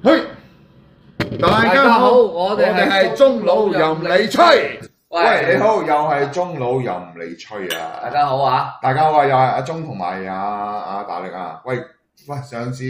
嘿，大家好，家好我哋係中佬任你吹。喂，你好，又係中佬任你吹啊！大家好啊！大家好啊！又係阿鍾同埋阿阿大力啊！喂喂，上次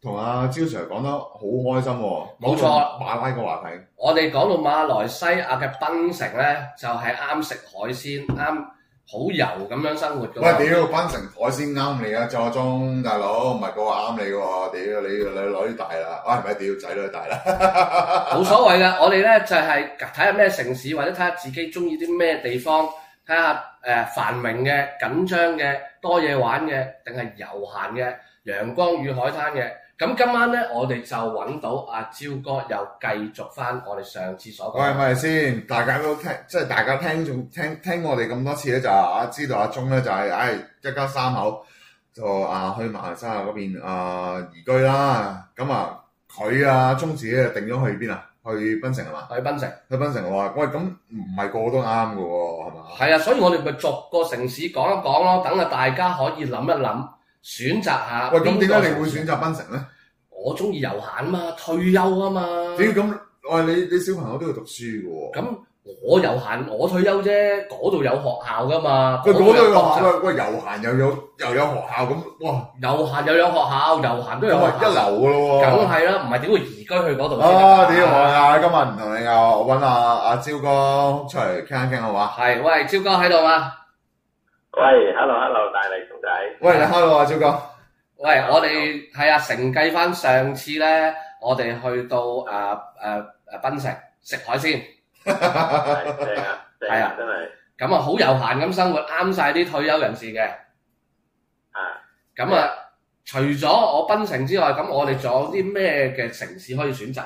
同阿蕉 Sir 講得好開心喎、啊，冇錯錯，馬拉個話題。我哋講到馬來西亞嘅檳城咧，就係、是、啱食海鮮，啱。好油咁樣生活嘅， 喂！屌，檳城海鮮啱你啊，坐中大佬，唔係個話啱你嘅喎，屌你個女女大啦，啊，係咪屌仔女大啦，冇所謂嘅，我哋咧就係、是、睇下咩城市，或者睇下自己中意啲咩地方，睇下誒繁榮嘅、緊張嘅、多嘢玩嘅，定係悠閒嘅、陽光與海灘嘅。咁今晚咧，我哋就揾到阿、啊、招哥，又繼續翻我哋上次所講，係咪先？大家都聽，即係大家聽，仲聽聽我哋咁多次咧，就阿知道阿鐘咧，就係唉一家三口就啊去馬來西亞嗰邊啊移居啦。咁啊佢啊鐘子咧定咗去邊啊？啊去檳城係嘛？去檳城，城。去檳城喎，喂咁唔係個個都啱嘅喎，係嘛？係啊，所以我哋咪逐個城市講一講咯，等啊大家可以諗一諗。選擇下，喂，咁點解你會選擇檳城咧？我中意悠閒嘛，退休啊嘛。點解咁？喂，你你小朋友都要讀書嘅喎。咁我悠閒，我退休啫，嗰度有學校噶嘛？佢嗰度有學校，喂，個悠閒又有又有學校，咁哇就，悠閒又有，有，有學校，悠閒都有，有學校，學校一流嘅咯喎。梗係啦，唔係點會移居去嗰度？啊，點啊，啊！今日唔同你下啊，我揾阿阿朝哥出嚟傾一傾好嘛？係，喂，朝哥喺度嗎？.喂、hey，hello，hello，大力同仔。喂、hey，你開我啊，蕉哥。喂，我哋係啊，承繼翻上次咧，我哋去到啊啊啊，檳、啊、城食海鮮。正，正啊！正啊！真係。咁啊，好悠閒咁生活，啱晒啲退休人士嘅。啊。咁啊樣，的除咗我檳城之外，咁我哋仲有啲咩嘅城市可以選擇？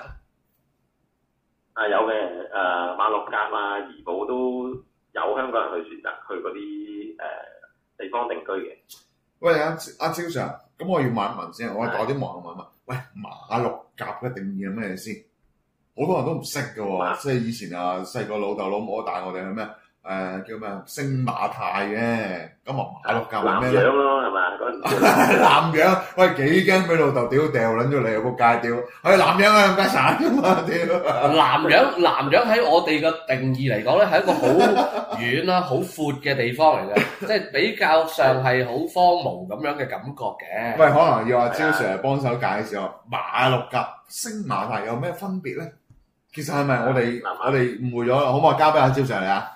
啊，有嘅，誒馬六甲啊，怡保都。有香港人去選擇去嗰啲誒地方定居嘅。喂啊啊，阿超 Sir，咁我要問一問先，的我攞啲網問一問。喂，馬六甲一定要係咩先？好多人都唔識嘅喎，即係的以，以前啊，細個的老豆老母帶我哋係咩？誒，叫咩？星馬泰嘅，咁馬馬六甲係咩樣？南洋咯，係嘛？南、那、洋、個、 喂，幾驚俾老豆屌掉撚咗你？有冇戒屌？喂、哎，南洋啊，唔該晒。南洋南洋喺我哋嘅定義嚟講咧，係一個好遠啦、好闊嘅地方嚟嘅， 即係比較上係好荒蕪咁樣嘅感覺嘅。喂，可能要阿、啊、蕉 Sir 嚟幫手介紹下馬六甲、星馬泰有咩分別咧？其實係咪我哋人我哋誤會咗？好唔可以交俾阿蕉 Sir 嚟啊？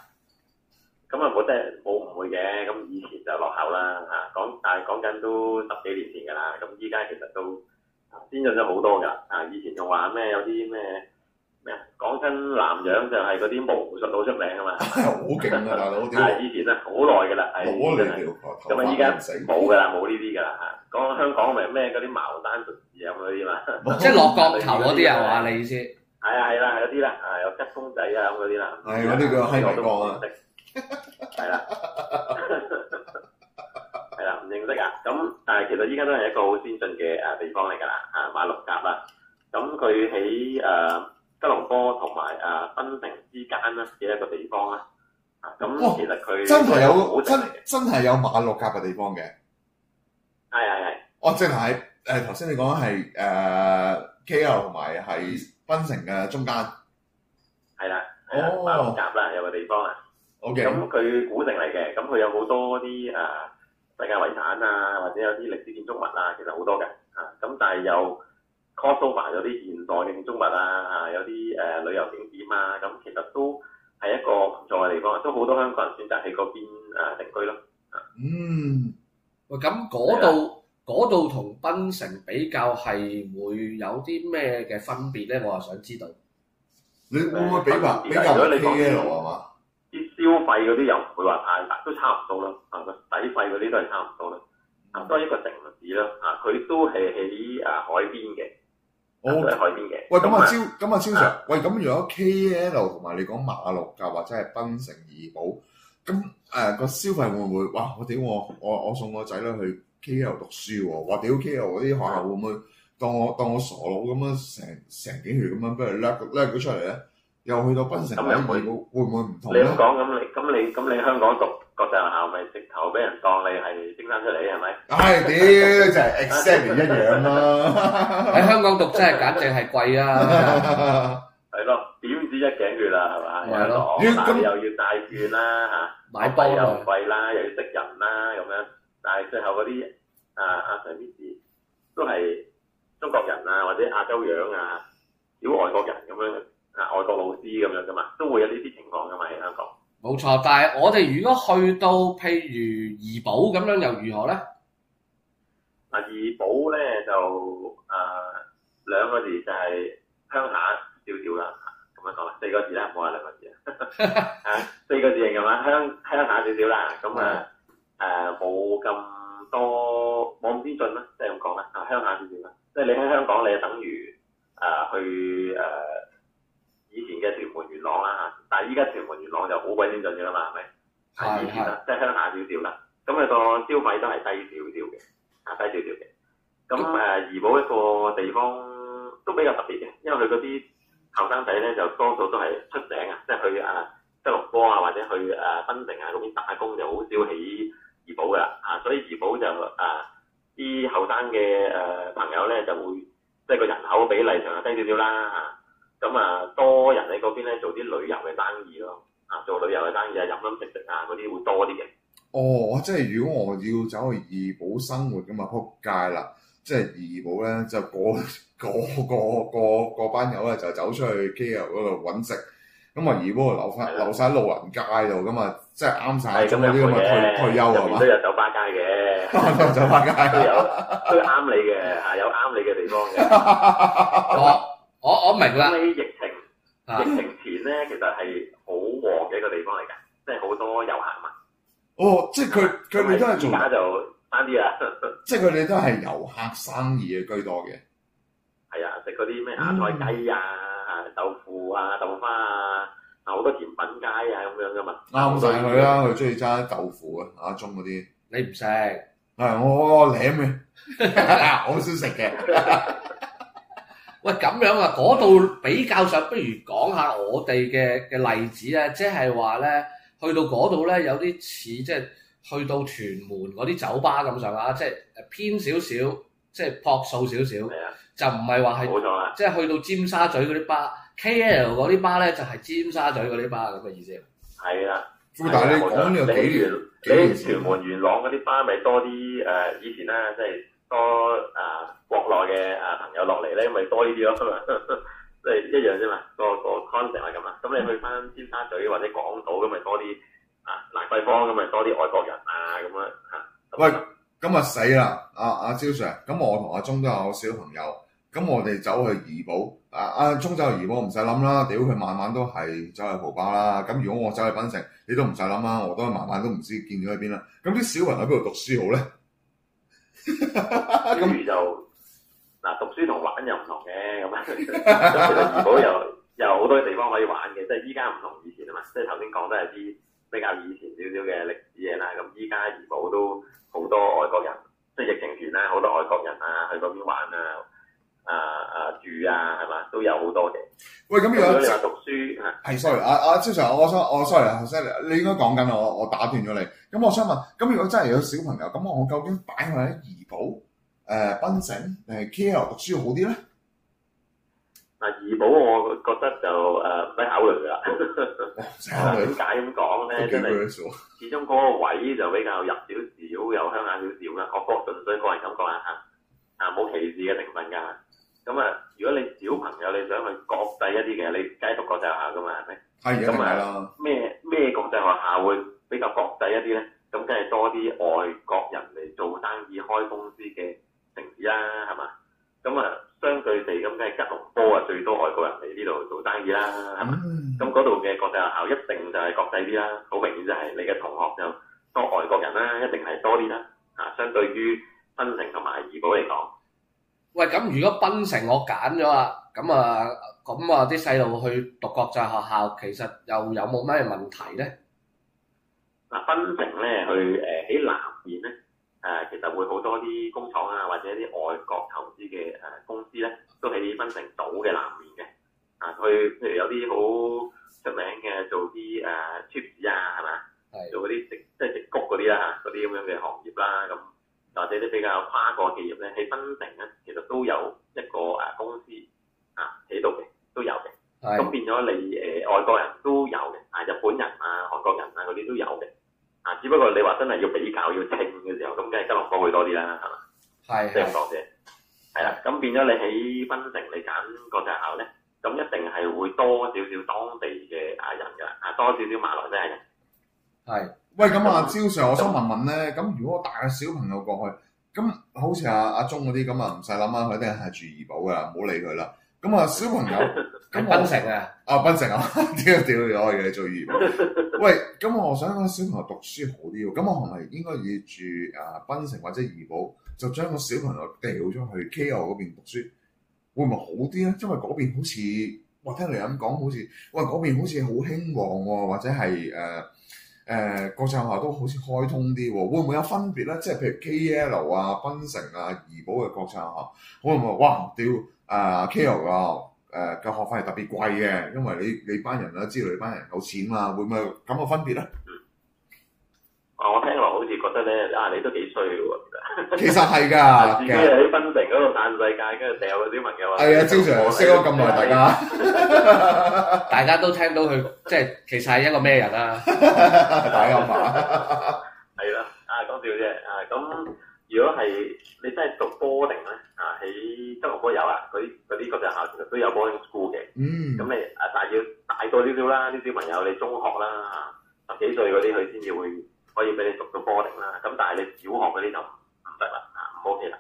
咁啊，冇得，冇唔會嘅，咁以前就落後啦嚇。講，但係講緊都十幾年前㗎啦。咁依家其實都先進咗好多㗎。啊，以前仲話咩有啲咩咩啊？講真，南洋就係嗰啲巫術好出名啊嘛。係好勁啊！係以前咧好耐㗎啦，冇咁啊，依家冇㗎啦，冇呢啲㗎啦嚇。講香港咪咩嗰啲茅山術士咁嗰啲嘛，即係落降頭嗰啲啊？我話你意思？係啊係啦，係嗰啲啦，有吉公仔啊咁嗰啲啦。係嗰啲叫閪國啊！係啦，係啦， 唔認識啊。咁但係，其實依家都係一個好先進嘅誒地方嚟噶啦。啊，馬六甲啦，咁佢喺誒吉隆坡同埋誒檳城之間咧嘅一個地方啦。啊，咁其實佢、哦、真係有真真係有馬六甲嘅地方嘅。係係係。我正係誒，頭、呃、先你講係誒 K L 同埋係檳城嘅中間。係啦，馬六甲啦，有個地方啊。咁佢古城嚟嘅，咁佢有好多啲誒世界遺產啊，或者有啲歷史建築物啊，其實好多嘅，啊，咁但係又 Kosovo 有啲現代嘅建築物啊，啊，有啲誒旅遊景點啊，咁其實都係一個唔錯嘅地方，都好多香港人選擇喺嗰邊誒定居咯。嗯，喂，咁嗰度嗰度同檳城比較係會有啲咩嘅分別咧？我啊想知道，你會唔會比較比較？如果你講啲路係嘛？消費嗰啲又唔會話太大，都差唔多啦，啊，個底費嗰啲都係差唔多啦。咁都一個定子啦，啊，佢、啊、都係喺啊海邊嘅，我係海邊嘅。喂，咁啊朝，咁啊朝上，喂，咁如果 K L 同埋你講馬六甲或者係檳城怡保，咁誒個消費會唔會哇？我屌我我我送我仔女去 K L 讀書喎、啊！我屌 K L 嗰啲學校會唔會當我的當我傻佬咁樣，成成幾年咁樣，不如拉佢出嚟咧？又去到檳城，咁會會唔會唔同你咁講，咁你咁你咁你香港讀國際學校，咪直頭俾人當你係新生出嚟，係咪？係屌，就係 exactly 一樣咯。喺香港讀真係簡直係貴啊！係咯，點止一頸血啦，係嘛？唔係咯，但係又要貸款啦，嚇買包又貴啦，又要識人啦，咁樣。但係最後嗰啲啊阿 Sir 都係中國人啊，或者亞洲樣啊，屌外國人咁樣。啊，外國老師咁樣噶嘛，都會有呢啲情況噶嘛喺香港。冇錯，但係我哋如果去到譬如怡保咁樣，又如何咧？啊，怡保咧就誒、呃、兩個字就係、是、鄉下少少啦，咁樣講啦，四個字啦，唔好話兩個字 啊，四個字型嘅、 呃、啊，鄉鄉下少少啦，咁啊誒冇咁多冇咁先進啦，即係咁講啦，啊鄉下少少啦，即係你喺香港，你就等於誒、呃、去誒。呃以前嘅屯門元朗啦嚇，但係依家屯門元朗就好鬼先進嘅啦嘛，係咪？係是是。即係鄉下少少啦，咁佢個消費都係低少少嘅，啊低少少嘅。咁誒怡保一個地方都比較特別嘅，因為佢嗰啲後生仔咧就多數都係出城啊，即係去啊吉隆坡啊或者去誒檳、啊、城啊嗰邊打工就、啊就啊啊，就好少起怡保噶啦，啊所以怡保就誒啲後生嘅誒朋友咧就會即係個人口比例上係低少少啦嚇。啊咁啊，多人喺嗰邊咧做啲旅遊嘅生意咯，啊做旅遊嘅生意啊，飲飲食食啊嗰啲會多啲嘅。哦，即係如果我要走去怡保生活嘅嘛，撲街啦！即係怡保咧，就個個個班友咧就走出去 KL 嗰度揾食，咁啊怡保留翻留晒喺老人街度，咁啊即係啱晒。係啊，啲咁嘅退退休啊，嘛？有啲又酒吧街嘅，都酒吧街。都有都啱你嘅嚇，有啱你嘅地方嘅。我明啦，喺疫情疫情前咧，其實係好旺嘅一個地方嚟嘅，即係好多遊客啊嘛。哦，即係佢佢哋都係而家就慘啲啊！即係佢哋都係遊客生意嘅居多嘅。係啊，食嗰啲咩芽菜雞啊、豆腐啊、豆花啊，好多甜品街啊咁樣噶嘛。啱曬佢啦，佢中意揸豆腐啊，亞中嗰啲。你唔食？係我我舐嘅，好少食嘅。喂，咁樣啊，嗰度比較上，不如講下我哋嘅嘅例子啊，即係話咧，去到嗰度咧，有啲似即係去到屯門嗰啲酒吧咁上下，即係誒偏少少，即係樸素少少，的就唔係話係冇錯啦，即係去到尖沙咀嗰啲巴 KL 嗰啲巴咧，就係尖沙咀嗰啲巴咁嘅意思。係啊的，咁但係你講呢個比如，比如屯門元朗嗰啲巴咪多啲誒，以前咧即係。多啊！國內嘅啊朋友落嚟咧，咪多呢啲咯，即係一樣啫嘛。多多個個康城啊咁啊，咁 你去翻尖沙咀或者港島咁，咪多啲啊蘭桂坊咁，咪多啲外國人啊咁樣嚇。喂，咁啊死啦！啊、Sir，阿阿蕉 Sir，咁我同阿聰都有小朋友，咁我哋走去怡保啊，阿、啊、聰走去怡保唔使諗啦，屌佢晚晚都係走去豪巴啦。咁如果我走去檳城，你都唔使諗啦，我都晚晚都唔知見到喺邊啦。咁啲小朋友喺邊度讀書好咧？不如 就嗱，讀書同玩又唔同嘅咁。其實怡保又有好多地方可以玩嘅，即係依家唔同以前啊嘛。即係頭先講都係啲比較以前少少嘅歷史嘢啦。咁依家怡保都好多外國人，即係疫情前啦，好多外國人啊去嗰邊玩啊，啊啊住啊。都有好多嘅。喂，咁如果你話讀書係，sorry 啊啊，啊超常，我想我 sorry 啊，sorry，你應該講緊我，我打斷咗你。咁我想問，咁如果真係有小朋友，咁我究竟擺佢喺怡保、誒、呃、檳城定係 KL 讀書好啲咧？嗱、啊，怡保我覺得就誒唔使考慮啦。點解咁講咧？始終嗰個位就比較入少少，有鄉下少少啦。各各純粹個人感覺啦嚇，啊冇歧視嘅成分㗎。咁啊，如果你～小朋友你想去國際一啲嘅，你梗係讀國際學校㗎嘛，係咪的？係咁咪咯。咩咩國際學校會比較國際一啲咧？咁梗係多啲外國人嚟做生意開公司嘅城市啦，係嘛？咁啊，相對地咁，梗係吉隆坡啊最多外國人嚟呢度做生意啦，係嘛？咁嗰度嘅國際學校一定就係國際啲啦，好明顯就係你嘅同學就多外國人啦，一定係多啲啦。啊，相對於檳城同埋怡保嚟講。喂，咁如果檳城我揀咗啦，咁啊，咁啊啲細路去讀國際學校，其實又有冇咩問題咧？嗱，檳城咧去誒喺南面咧，誒、啊、其實會好多啲工廠啊，或者啲外國投資嘅誒公司咧，都喺啲檳城島嘅南面嘅。啊，去譬如有啲好出名嘅做啲誒 chip 啊，係嘛？係是做嗰啲即係直谷嗰啲啦嚇，嗰啲咁樣嘅行業啦咁。啊或者啲比較跨國企業咧喺檳城咧，其實都有一個誒公司啊喺度嘅，都有嘅。咁是變咗你誒、呃、外國人都有嘅，啊日本人啊、韓國人啊嗰啲都有嘅。啊，只不過你話真係要比較要正嘅時候，咁梗係吉隆坡會多啲啦，係嘛？係是，即係咁講嘅。係啦是，咁變咗你喺檳城你，你揀國際校咧，咁一定係會多少少當地嘅啊人㗎，啊多少少馬來西亞人。係是。喂，咁啊，蕉 Sir，我想問問咧，咁如果我帶個小朋友過去，咁好似阿阿鍾嗰啲咁啊，唔使諗啦，佢一定係住怡保㗎啦，唔好理佢啦。咁啊，小朋友，咁檳 城啊，啊檳城啊，點啊點啊，可以嘅，住怡保。喂，咁我想個小朋友讀書好啲喎，咁我係咪應該要住啊檳城或者怡保，就將個小朋友掉咗去 KL 嗰邊讀書，會唔會好啲咧？因為嗰邊好似，我聽你咁講，好似，喂，嗰邊好似好興旺喎、哦，或者係誒。呃誒、呃、國際學校都好似開通啲喎，會唔會有分別咧？即係譬如 KL 啊、檳城啊、怡保嘅國際學校，會唔會哇屌啊、呃、KL 啊誒嘅學費係特別貴嘅，因為你你班人都知道你班人有錢嘛，會唔會咁嘅分別咧？啊、嗯，我聽落好似覺得咧，啊你都幾衰喎！其實係㗎，自己喺檳城嗰度嘆世界，跟住掉嗰小朋友話。係啊，正常我識咗咁耐大家。 大家都聽到佢，即係其實係一個咩人啊？啊大家好嘛？係啦， 啊講笑啫啊！咁如果係你真係讀 boarding 咧啊，喺德國都有，有、嗯、啊，佢嗰啲國際學校其實都有 boarding school 嘅。嗯。咁、啊、你 boarding，啊，但要大多少少啦，啲小朋友你中學啦，十幾歲嗰啲佢先至會可以俾你讀到 boarding 啦。咁但係你小學嗰啲就。得啦，嚇 OK 啦。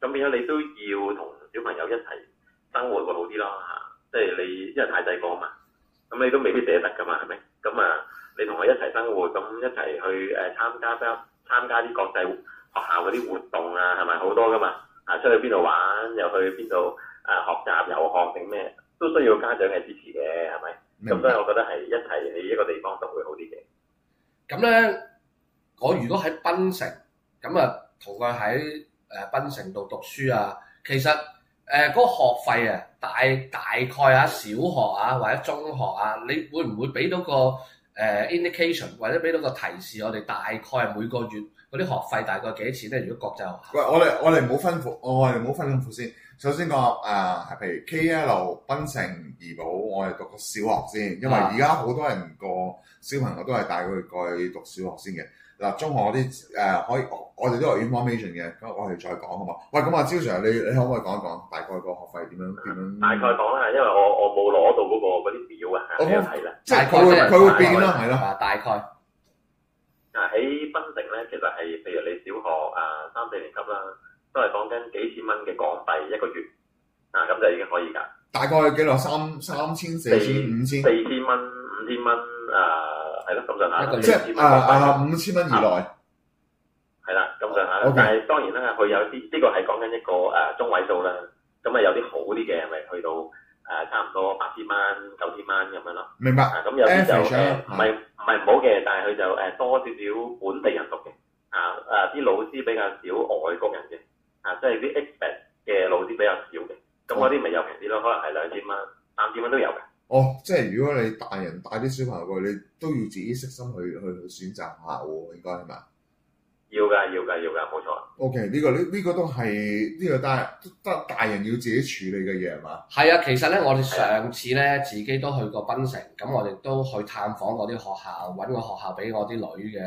咁變咗你都要同小朋友一齊生活會好啲咯，嚇。即係你因為太細個啊嘛，咁你都未必捨得噶嘛，係咪？咁啊，你同佢一齊生活，咁一齊去誒參加得參加啲國際學校嗰啲活動啊，係咪好多噶嘛？啊，出去邊度玩，又去邊度啊學習遊學定咩，都需要家長嘅支持嘅，係咪？咁白所以我覺得係一齊喺一個地方讀會好啲嘅。咁咧，我如果喺檳城咁啊～同佢喺誒檳城度讀書啊，其實誒嗰、呃那個學費啊，大大概啊，小學啊或者中學啊，你會唔會俾到個誒、呃、indication 或者俾到個提示，我哋大概每個月嗰啲學費大概幾錢咧？如果國際學校喂，我哋我哋唔好分咐，我哋唔好分咁苦先。首先講啊、呃，譬如 K L 檳城怡保，我哋讀個小學先，因為而家好多人個小朋友都係帶佢過去讀小學先嘅。嗱，中學嗰啲誒可以，我哋都有 information 嘅，咁我哋再講好嘛？喂，咁啊，朝 Sir 你你可唔可以講一講大概個學費點樣,、嗯、樣大概講啦，因為我我冇攞到嗰、那個嗰啲表我沒啊，冇得啦。即係佢會佢會,會變啦，係啦、啊、吧大概。啊，喺檳城咧，其實係譬如你小學啊，三四年級啦，都係講緊幾千蚊嘅港幣一個月，啊咁就已經可以㗎。大概幾多？三三千四千五千四千蚊五千蚊啊，係咯，咁上下，即係啊啊五千蚊以內，係啦，咁上下。但係當然啦，佢有啲呢個係講緊一個誒中位數啦。咁啊有啲好啲嘅咪去到誒差唔多八千蚊九千蚊咁樣咯。明白。咁有啲就誒唔係唔係唔好嘅，但係佢就誒多少少本地人讀嘅啊，啊啲老師比較少外國人嘅啊，即係啲 expert 嘅老師比較少嘅。咁嗰啲咪又平啲咯，哦、可能係兩千蚊、三千蚊都有嘅。哦，即係如果你大人帶啲小朋友去，你都要自己悉心去去選擇下喎、啊，應該係嘛？要嘅，要嘅，要嘅，冇錯。OK，呢、呢個呢呢、呢個都係呢、呢個都係大人要自己處理嘅嘢係嘛？係啊，其實咧，我哋上次咧、啊、自己都去過檳城，咁我哋都去探訪嗰啲學校，揾個學校俾我啲女嘅。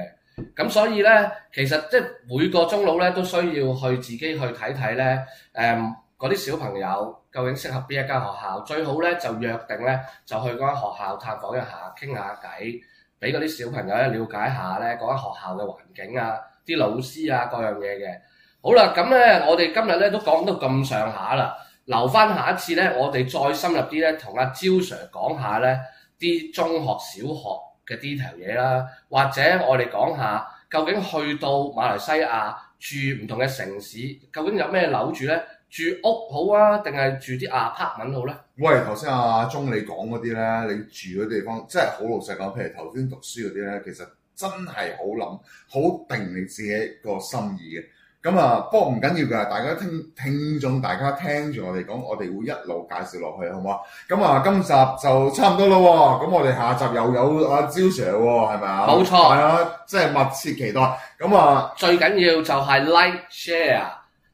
咁所以咧，其實即係每個中佬咧都需要去自己去睇睇咧，誒、嗯。嗰啲小朋友究竟適合邊一間學校？最好咧就約定咧，就去嗰間學校探訪一下，傾下偈，俾嗰啲小朋友咧了解下咧嗰間學校嘅環境啊、啲老師啊各樣嘢嘅。好啦，咁咧我哋今日咧都講到咁上下啦，留翻下一次咧，我哋再深入啲咧，同阿蕉 sir 講下咧啲中學、小學嘅 detail 嘢啦，或者我哋講下究竟去到馬來西亞住唔同嘅城市，究竟有咩樓住咧？住屋好啊，定係住啲阿 part 揾好咧？喂，頭先阿鐘你講嗰啲咧，你住嗰地方即係好老實講，譬如頭先讀書嗰啲咧，其實真係好諗，好定你自己個心意嘅。咁啊，不過唔緊要㗎，大家聽聽眾，大家聽住我哋講，我哋會一路介紹落去，好唔好啊？咁啊，今集就差唔多咯喎，咁我哋下集又有阿蕉 Sir 喎，係咪啊？冇錯，係啊，即係密切期待。咁啊，最緊要就係 like share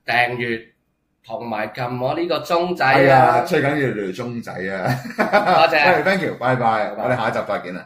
訂閱。同埋撳我呢個鐘仔、哎、呀鐘仔啊！最緊要就係鐘仔啊！ you, bye bye, 多謝，thank you，拜拜，我哋下一集再見啦。